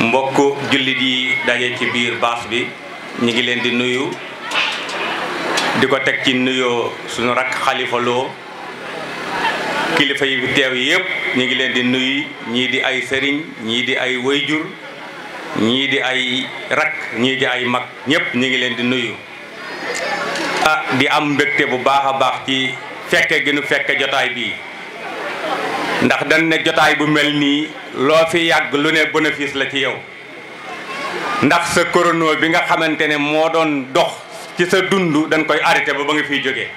mbokk jullit yi daje ci biir baas bi ñu ngi leen di nuyu di ko teg ci nuyoo suñu rakk xalifaloo loo kilifa yi teew yëpp ñu ngi leen di nuyu ñii di ay sëriñ ñii di ay wayjur ñii di ay rakk ñii di ay mag ñépp ñu ngi leen di nuyu ah di am mbégte bu baax a baax ci fekk gi nu fekke jotaay bii ndax dañ ne jotaay bu mel nii loo fi yàgg lu ne bénéfice la ci yow ndax sa corona bi nga xamante ne moo doon dox ci sa dund dañ koy arrêté ba ba nga fi jóge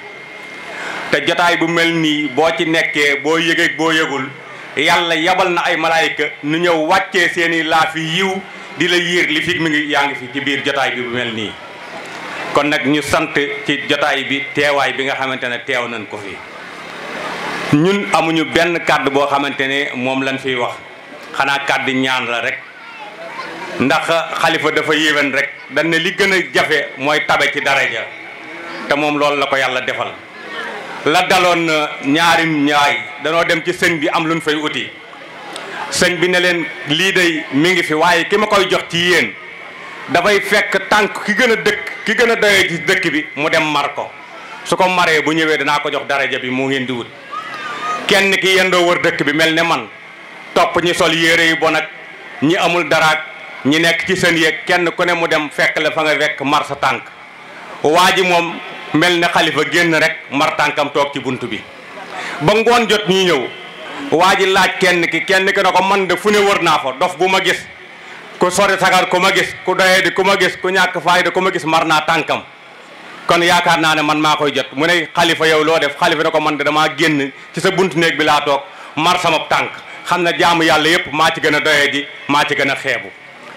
te jotaay bu mel nii boo ci nekkee boo yëgeeg boo yëgul yàlla yebal na ay malaayka nu ñëw wàccee seeni laaf yi yiw di la yiir li fi mi ngi yaa ngi fi ci biir jotaay bi bu mel nii kon nag ñu sant ci jotaay bi teewaay bi nga xamante ne teew nañ ko fi ñun amuñu benn kàddu boo xamante ne moom lañ fiy wax xanaa kàddu ñaan la rek ndax xalifa dafa yéwén rek dañ ne li gën a jafe mooy tabe ci daraja te moom loolu la ko yàlla defal la daloon ñaarim ñaay danoo dem ci sëñ bi am luñ fay uti sëñ bi ne leen lii day mi ngi fi waaye ki ma koy jox ci yéen dafay fekk tànk ki gën a dëkk ki gën a doyee ci dëkk bi mu dem mar ko su ko maree bu ñëwee danaa ko jox daraja bi moo ngeen di wut kenn ki yendoo wër dëkk bi mel ne man topp ñi sol yére yu bon ak ñi amul daraak ñi nekk ci seen yéeg kenn ku ne mu dem fekk la fa nga fekk mar sa tànk waa ji moom mel ne xalifa génn rek mar tànkam toog ci bunt bi ba ngoon jot ñuy ñëw waa ji laaj kenn ki kenn ki na ko man de fu ne wër naa fa dof bu ma gis ku sori sagar ku ma gis ku doyee di ku ma gis ku ñàkk faayda ku ma gis mar naa tànkam kon yaakaar naa ne man maa koy jot mu ne xalifa yow loo def xalifa ne ko man de damaa génn ci sa buntu néeg bi laa toog mar sama tànk xam ne jaamu yàlla yëpp maa ci gën a doyee ji maa ci gën a xeebu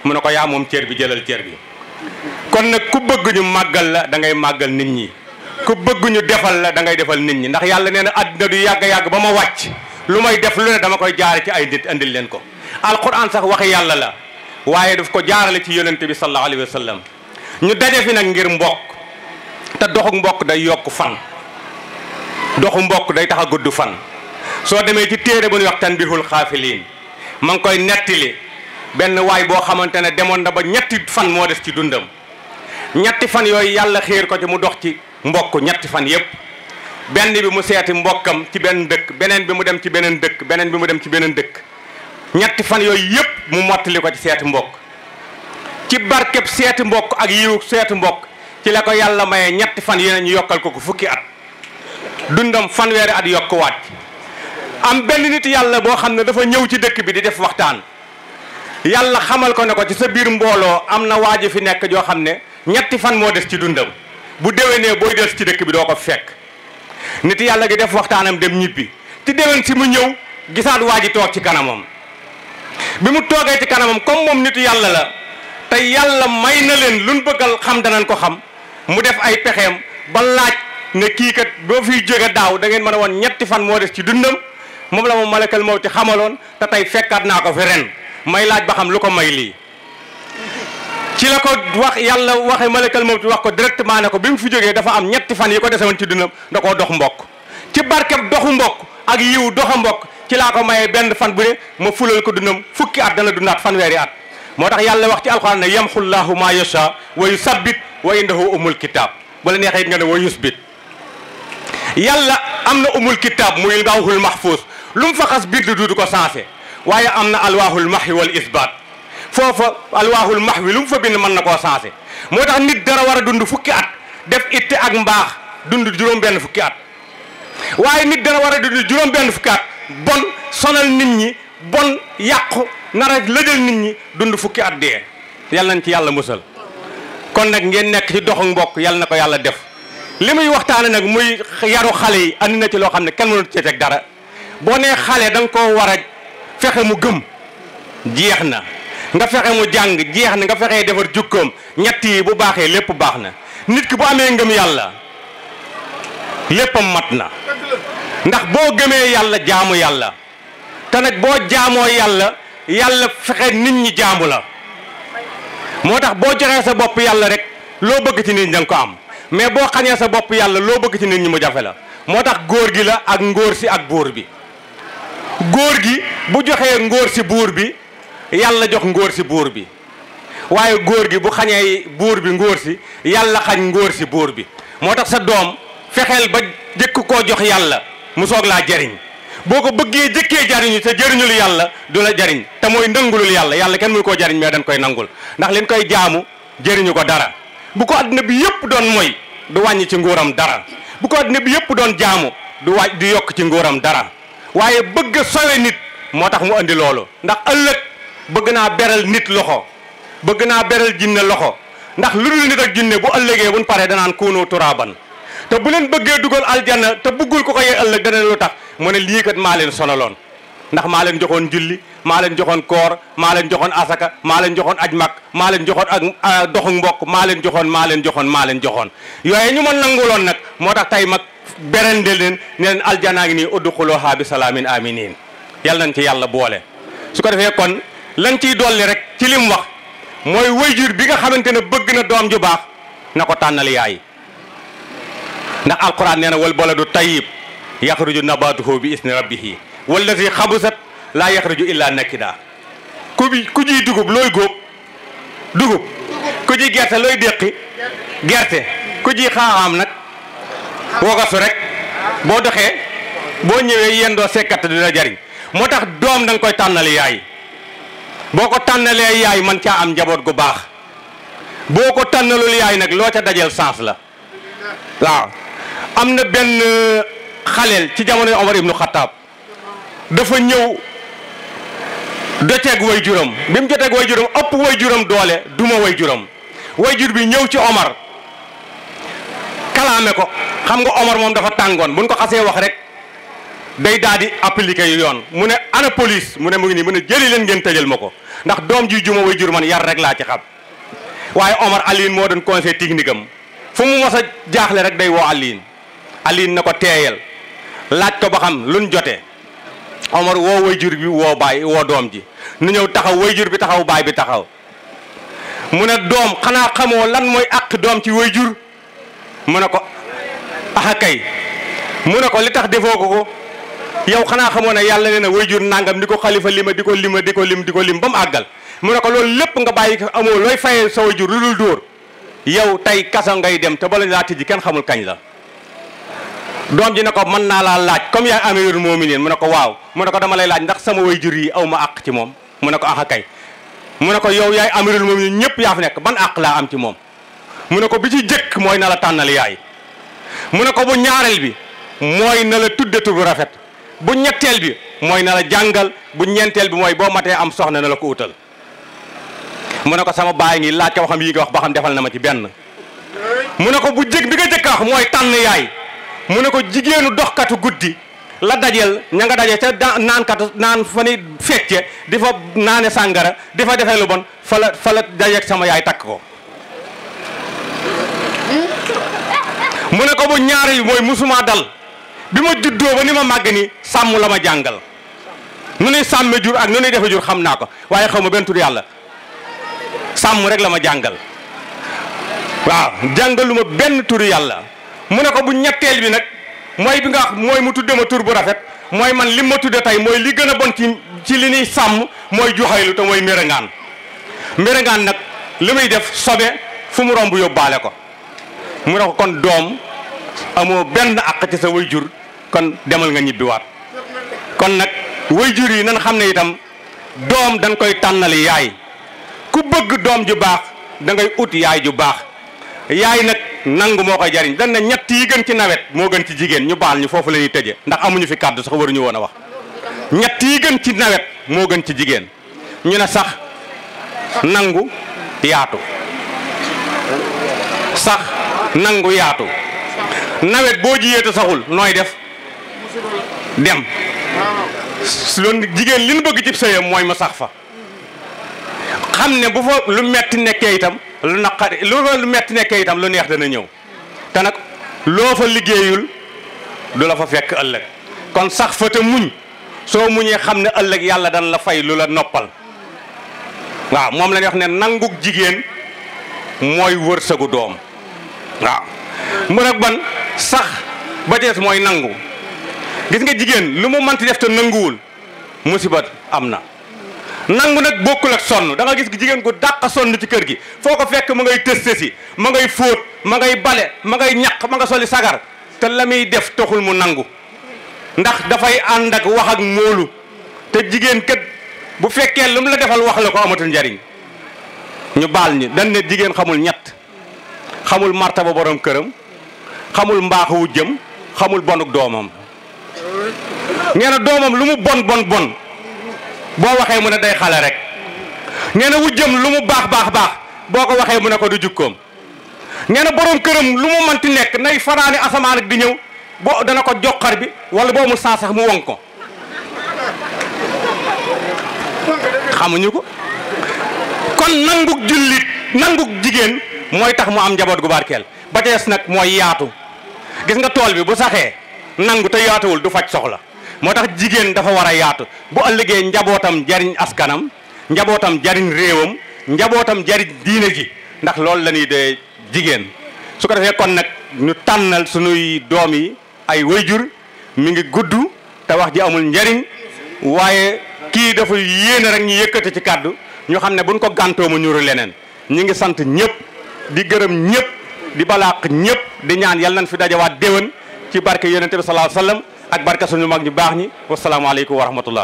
mu ne ko yaa moom bi jëlal cër bi kon nag ku bëgg ñu màggal la da ngay màggal nit ñi ku bëgguñu defal la da defal nit ñi ndax yàlla nee na àddina du yàgg-yàgg ba ma wàcc lu may def lu ne dama koy jaare ci ay nit andil leen ko alquran sax waxi yàlla la waaye daf ko jaarale ci yonente bi sallallahu alayhi wa ñu daje fi nag te doxu mbokk day yokk fan doxu mbokk day tax a gudd fan soo demee ci téere bu ñuy wax tanbihul xaafiliin ma ngi koy nettali benn waay boo xamante ne demoon na ba ñetti fan moo des ci dundam ñetti fan yooyu yàlla xéer ko ci mu dox ci mbokk ñetti fan yépp benn bi mu seeti mbokkam ci benn dëkk beneen bi mu dem ci beneen dëkk beneen bi mu dem ci beneen dëkk ñetti fan yooyu yépp mu mottali ko ci seeti mbokk ci barkeb seeti mbokk ak yiwu seeti mbokk ci la ko yàlla maye ñetti fan yeneen ñu yokkal ko ko fukki at dundam fanweeri at yokkuwaat am benn nit yàlla boo xam ne dafa ñëw ci dëkk bi di def waxtaan yàlla xamal ko ne ko ci sa biir mbooloo am na waa waaji fi nekk joo xam ne ñetti fan moo des ci dundam bu déwénee booy des ci dëkk bi doo ko fekk nit yàlla gi def waxtaanam dem ñibbi ci déwén si mu ñëw gisaat waa ji toog ci kanamam bi mu toogee ci kanamam comme moom nit yàlla la te yàlla may na leen luñ bëggal xam danañ ko xam mu def ay pexeem ba laaj ne kii kat boo fiy jóge daaw da ngeen mën a woon ñetti fan moo des ci dundam moom la ma malakal mawti xamaloon te tey fekkaat naa ko fi ren may laaj ba xam lu ko may lii. ci la ko wax yàlla waxe malakal mawti wax ko directement ne ko bi mu fi jógee dafa am ñetti fan yi ko desewoon ci dundam da koo dox mbokk ci barkeb doxu mbokk ak yiw doxa mbokk ci laa ko mayee benn fan bu ne ma fulal ko dundam fukki at dana dundaat fanweeri moo tax yàlla wax ci alxuraan ne yamxullaahu maa yasha wa yusabbit wa indahu umul kitaab bu la neexee it nga ne wa yusbit yàlla am na umul kitaab muy lawhul mahfuus lu mu fa xas bind du ko sensé waaye am na alwaahul mahwi wal isbaat foofa alwaahul mahwi lu mu fa bind mën na ko sensé moo tax nit dara war a dund fukki at def itte ak mbaax dund juróom-benn fukki at waaye nit dara war a dund juróom-benn fukki at bon sonal nit ñi. bon yàqu nar a lëjal nit ñi dund fukki at dee yàlla nañ ci yàlla musal kon nag ngeen nekk ci doxu mbokk yàlla na ko yàlla def li muy waxtaane nag muy yaru xale yi andi na ci loo xam ne kenn mënut cee teg dara boo nee xale danga nga koo war a fexe mu gëm jeex na nga fexe mu jàng jeex na nga fexe defar jukkoom ñett yi bu baaxee lépp baax na nit ki bu amee ngëm yàlla léppam mat na ndax boo gëmee yàlla jaamu yàlla te nag boo jaamoo yàlla yàlla fexe nit ñi jaamu la moo tax boo joxee sa bopp yàlla rek loo bëgg ci nit ñi ko am mais boo xañee sa bopp yàlla loo bëgg ci nit ñi mu jafe la moo tax góor gi la ak ngóor si ak buur bi góor gi bu joxee ngóor si buur bi yàlla jox ngóor si buur bi waaye góor gi bu xañee buur bi ngóor si yàlla xañ ngóor si buur bi moo tax sa doom fexeel ba jëkk koo jox yàlla mu soog laa jariñ boo ko bëggee jëkkee jariñu te jëriñul yàlla du la jariñ te mooy nangulul yàlla yàlla kenn mënu koo jariñ mais dañ koy nangul ndax leen koy jaamu jëriñu ko dara bu ko àddina bi yëpp doon mooy du wàññi ci nguuram dara bu ko àddina bi yëpp doon jaamu du wàññi du yokk ci nguuram dara waaye bëgg a nit moo tax mu andi loolu ndax ëllëg bëgg naa beral nit loxo bëgg naa beral jinne loxo ndax lu dul nit ak jinne bu ëllëgee buñ paree danaan kuunu turaaban te bu leen bëggee dugal aljanna te bëggul ko ko yee ëllëg dana lu tax mu ne lii kat maa leen sonaloon ndax maa leen joxoon julli maa leen joxoon koor maa leen joxoon asaka maa leen joxoon aj mag maa leen joxoon ak ah, doxu mbokk maa leen joxoon maa leen joxoon maa leen joxoon yooye ñu ma nanguloon nag moo tax tey mag berende leen ne leen aljanaa ngi nii udxuluhaa bi salaamin aminin yàlla nañ ci yàlla boole su ko defee kon lañ ciy dolli rek ci lim wax mooy wayjur bi nga xamante ne bëgg na doom ju baax na ko tànnal yaay ndax alquran nee na wal baladu tayyib yaxruju nabatuhu bi isni rabbihi wallazi xabusat laa yaxruju illa nakida ku bi ku ñuy dugub looy góob dugub ku gerte looy déqi gerte ku ji xaaxaam nag wogasu rek boo doxee boo ñëwee yéen doo sekkat du la jariñ moo tax doom da koy tànnali yaay boo ko tànnalee yaay man caa am njaboot gu baax boo ko tànnalul yaay nag loo ca dajeel sens la waaw am na benn xaleel ci jamono Omar ibnu Xattaab dafa ñëw doteeg way juram bi mu joteeg way juram ëpp way juram doole duma way juram way jur bi ñëw ci Omar kalaame ko xam nga Omar moom dafa tàngoon buñ ko xasee wax rek day daal di appliquer yoon mu ne ana police mu ne mu ngi nii mu ne jëli leen ngeen tëjal ma ko ndax doom ji juma way jur man yar rek laa ci xam waaye Omar Alioune moo doon conseil technique am fu mu mos jaaxle rek day woo Alioune Alioune na ko teeyal laaj ko ba xam luñ jotee Omar woo jur bi woo baay woo doom ji nu ñëw taxaw jur bi taxaw baay bi taxaw mu ne doom xanaa xamoo lan mooy àq doom ci jur mu ne ko axa kay mu ne ko li tax defoo ko ko yow xanaa xamoo ne yàlla nee na jur nangam di ko xalifa lima di ko lima di ko lim di ko lim ba mu àggal mu ne ko loolu lépp nga bàyyi ko amoo looy fayee sa wayjur lu dul dóor yow tey kaso ngay dem te bala laa tijji kenn xamul kañ doom ji ne ko mën naa laa laaj comme yaa amirul mu'minin mu ne ko waaw mu ne ko dama lay laaj ndax sama jur yi aw ma àq ci moom mu ne ko ax ah akay mu ne ko yow yaay amirul mu'minin ñëpp yaa fi nekk ban àq laa am ci moom mu ne ko bi ci jëkk mooy na la yaay mu ne ko bu ñaareel bi mooy na la tudde bu rafet bu ñetteel bi mooy na jàngal bu ñeenteel bi mooy boo matee am soxna na la ko utal mu ne ko sama baay ngi laaj ko xam wax ba xam defal na ma ci benn mu ne ko bu jëkk bi nga jëkk wax mooy tànn yaay mu ne ko jigéenu doxkatu guddi la dajeel ña nga daje ca naankat naankatu naan fa ni fecce di fa naane sàngara di fa defee lu bon fa la fa la dajeeg sama yaay takk ko mu ne ko bu ñaar yi mooy musuma dal bi ma juddoo ba ni ma màgg ni sàmm la ma jàngal nu nuy sàmme jur ak nu nuy defe jur xam naa ko waaye xaw ma benn tur yàlla sàmm rek la ma jàngal waaw jàngaluma benn turi yàlla mu ne ko bu ñetteel bi nag mooy bi nga mooy mu tudde ma tur bu rafet mooy man lim ma tudde tey mooy li gën a bon ci ci li ñuy sàmm mooy juxaylu te mooy mérangaan mérangaan nag li muy def sobe fu mu romb yóbbaale ko mu ne ko kon doom amoo benn àq ci sa wayjur kon demal nga ñibbiwaat kon nag jur yi nan xam ne itam doom dañ koy tànnali yaay ku bëgg doom ju baax da ngay ut yaay ju baax yaay nag nangu moo koy jariñ dañ na ñett yi gën ci nawet moo gën ci jigéen ñu baal ñu foofu la ñuy tëje ndax amuñu fi kàddu sax waruñu woon a wax ñett yi gën ci nawet moo gën ci jigéen ñu ne sax nangu yaatu sax nangu yaatu nawet boo jiyee saxul nooy def dem loon jigéen li nu bëgg ci sëyam mooy mu sax fa xam ne bu fa lu metti nekkee itam lu naqari lu lu metti nekkee itam lu neex dana ñëw te nag loo fa liggéeyul du la fa fekk ëllëg kon sax fa te muñ soo muñee xam ne ëllëg yàlla dana la fay lu la noppal waaw moom la wax ne nangug jigéen mooy wërsëgu doom waaw mu nag ban sax ba jees mooy nangu gis nga jigéen lu mu manti def te nanguwul musibat am na nangu nag bokkul ak sonn da nga gis jigéen gu dàq sonn ci kër gi foo ko fekk ma ngay tëste si ma ngay fóot ma ngay bale ma ngay ñaq ma nga soli sagar te la muy def taxul mu nangu ndax dafay ànd ak wax ak moolu te jigéen kat bu fekkee lu mu la defal wax la ko amatul njariñ ñu baal ni dañ ne jigéen xamul ñett xamul martaba borom këram xamul mbaaxu jëm xamul bonuk doomam nee na doomam lu mu bon bon bon boo waxee mu ne day xale rek nee na wujjam lu mu baax baax baax boo ko waxee mu ne ko du jukkoom nee na borom këram lu mu manti nekk nay faraani asamaan ak di ñëw boo dana ko joxar bi wala boo mu saasax mu won ko xamuñu ko kon nangug jullit nangug jigéen mooy tax mu am njaboot gu barkeel ba tees nag mooy yaatu gis nga tool bi bu saxee nangu te yaatuwul du faj soxla moo tax jigéen dafa war a yaatu bu ëllëgee njabootam jariñ askanam njabootam jariñ réewam njabootam jariñ diine ji ndax loolu la ñuy dee jigéen su ko defee kon nag ñu tànnal sunuy doom yi ay wayjur mu ngi gudd te wax ji amul njariñ waaye kii dafa yéene rek ñu yëkkati ci kàddu ñu xam ne buñ ko gàntoo mu ñuru leneen ñu ngi sant ñëpp di gërëm ñëpp di balaaq ñëpp di ñaan yal nañ fi dajawaat déwén ci barke yonente bi sallallahu alayhi wasallam ak barka suñu mag ñu baax ñi wasalaamaaleykum wa rahmatullah